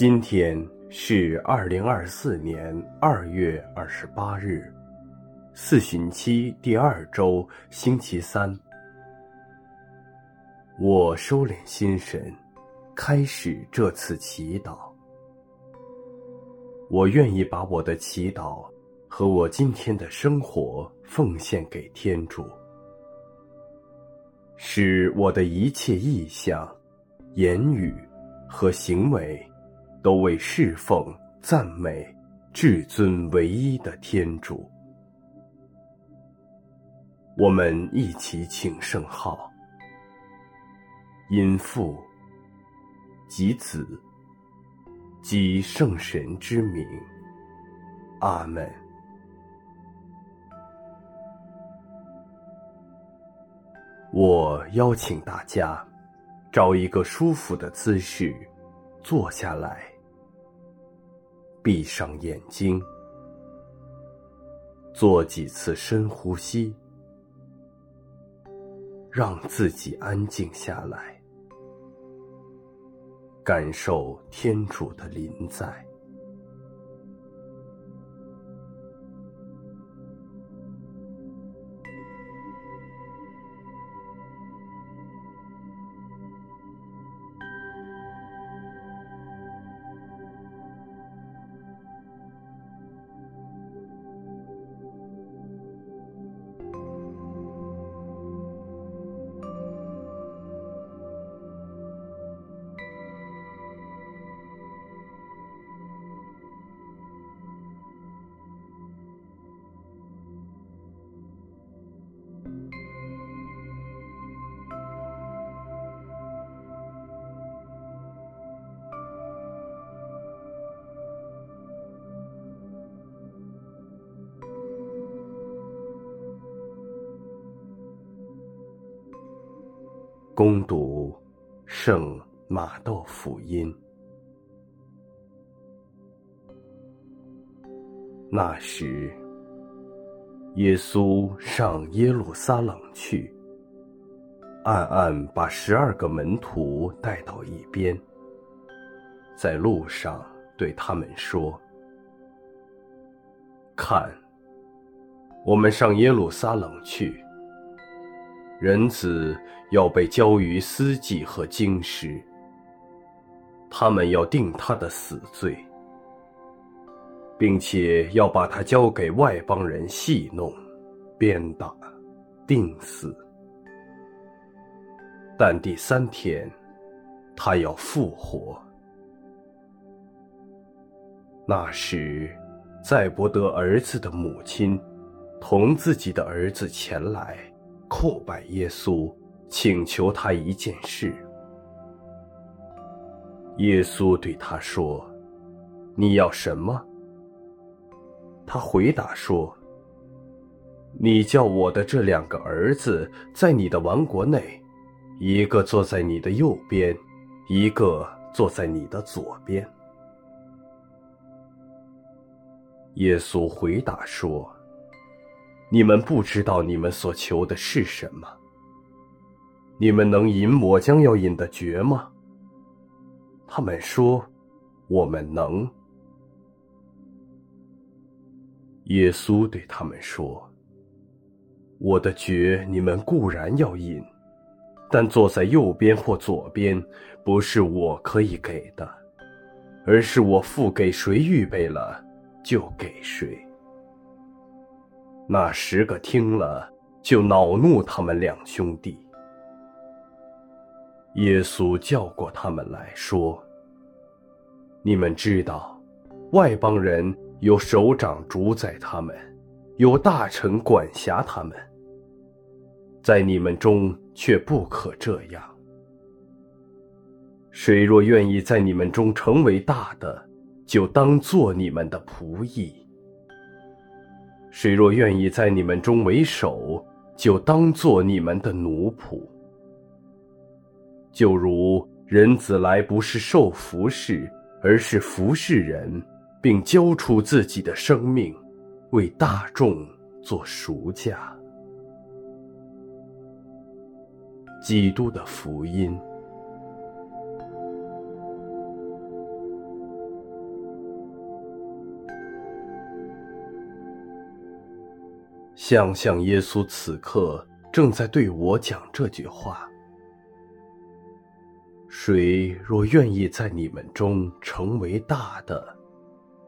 今天是二零二四年二月二十八日，四旬期第二周星期三。我收斂心神，開始這次祈禱。我願意把我的祈禱和我今天的生活奉獻給天主，使我的一切意向、言語和行為，都為侍奉、讚美至尊唯一的天主。我們一起請聖號，因父及子及聖神之名。阿門。我邀請大家找一個舒服的姿勢坐下來。閉上眼睛，做幾次深呼吸，讓自己安靜下來，感受天主的臨在。恭讀聖瑪竇福音。那時，耶穌上耶路撒冷去，暗暗把十二個門徒帶到一邊，在路上對他們說：“看，我們上耶路撒冷去。”人子要被交於司祭和經師，他們要定他的死罪，並且要把他交給外邦人戲弄、鞭打、釘死。但第三天，他要復活。那時，載伯德兒子的母親同自己的兒子前來。叩拜耶穌，請求他一件事。耶穌對她說：“你要什麼？”她回答說：“你叫我的這兩個兒子在你的王國內，一個坐在你的右邊，一個坐在你的左邊。”耶穌回答說。你們不知道你們所求的是什麼？你們能飲我將要飲的爵嗎？他們說：“我們能。”耶穌對他們說：“我的爵你們固然要飲，但坐在右邊或左邊，不是我可以給的，而是我父給誰預備了就給誰。”那十個聽了，就惱怒他們兩兄弟。耶穌叫過他們來說：“你們知道，外邦人有首長主宰他們，有大臣管轄他們。在你們中卻不可這樣。誰若願意在你們中成為大的，就當作你們的僕役。”誰若願意在你們中為首，就當做你們的奴僕。就如人子來不是受服侍，而是服侍人，並交出自己的生命，為大眾做贖價。基督的福音。想象耶穌此刻正在對我講這句話：“誰若願意在你們中成為大的，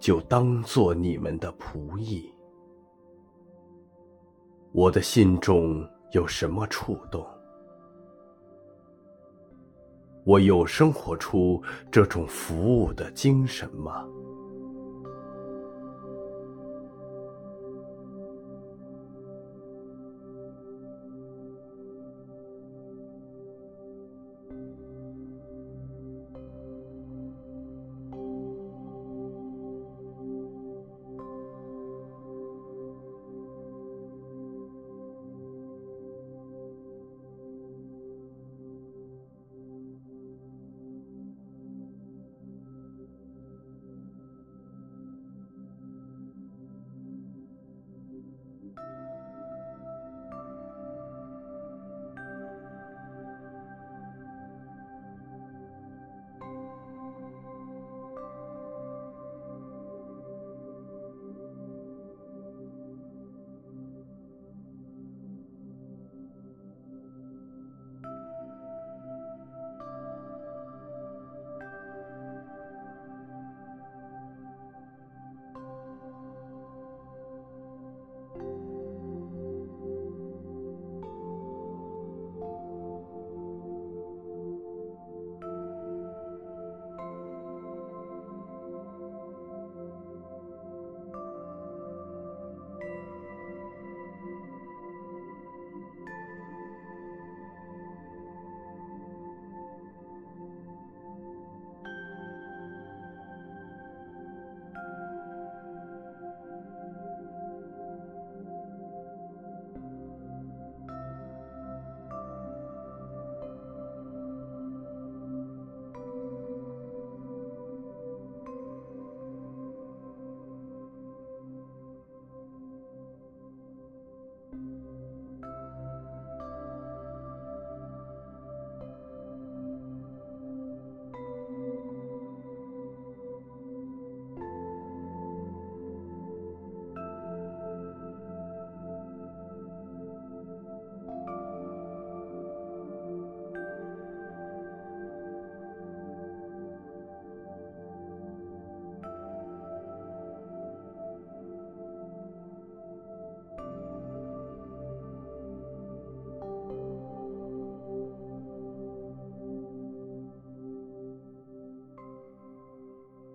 就當作你們的僕役。”我的心中有什麼觸動？我有生活出這種服務的精神嗎？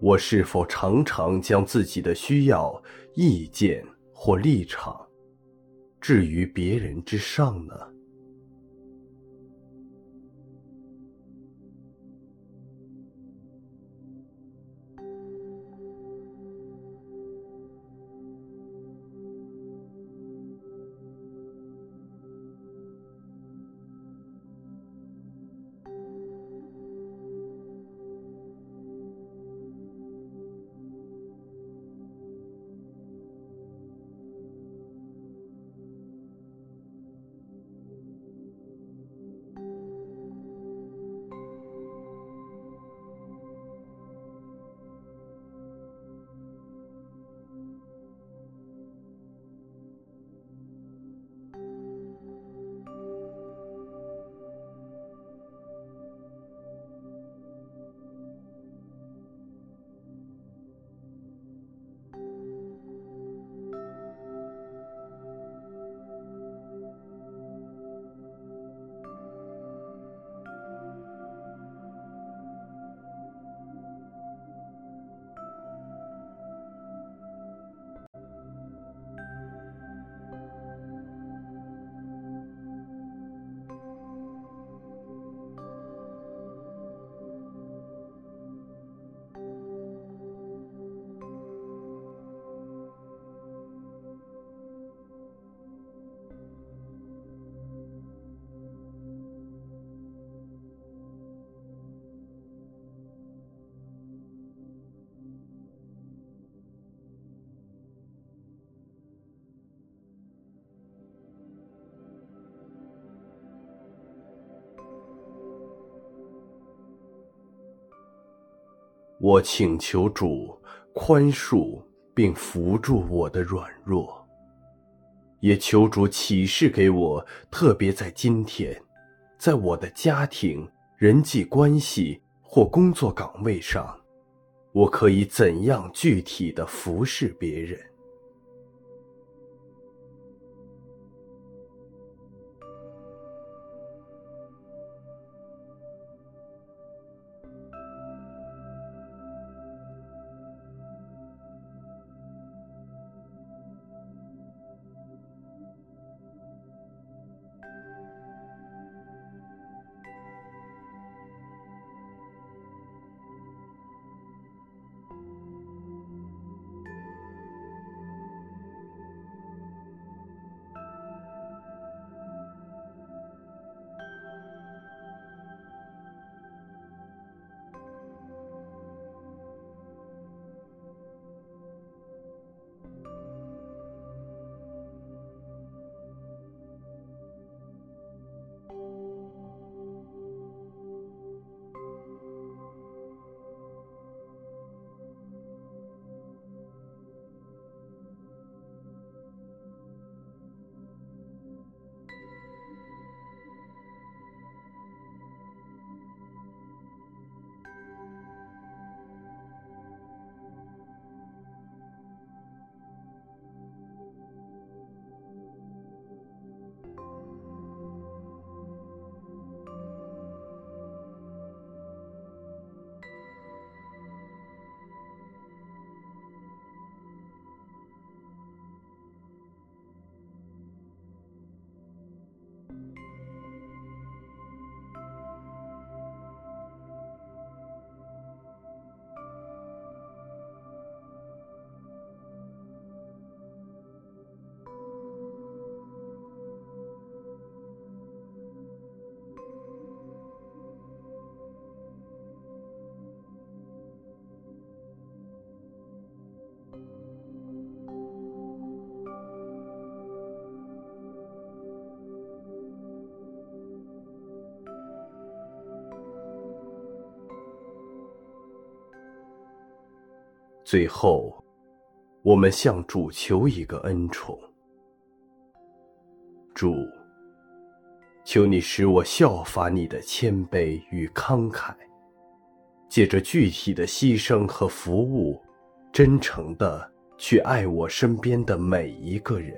我是否常常將自己的需要、意見或立場置於別人之上呢？我請求主寬恕並扶助我的軟弱，也求主啟示給我，特別在今天，在我的家庭、人際關係或工作崗位上，我可以怎樣具體地服事別人？最後，我們向主求一個恩寵。主，求你使我效法你的謙卑與慷慨，借着具體的犧牲和服務，真誠地去愛我身邊的每一個人。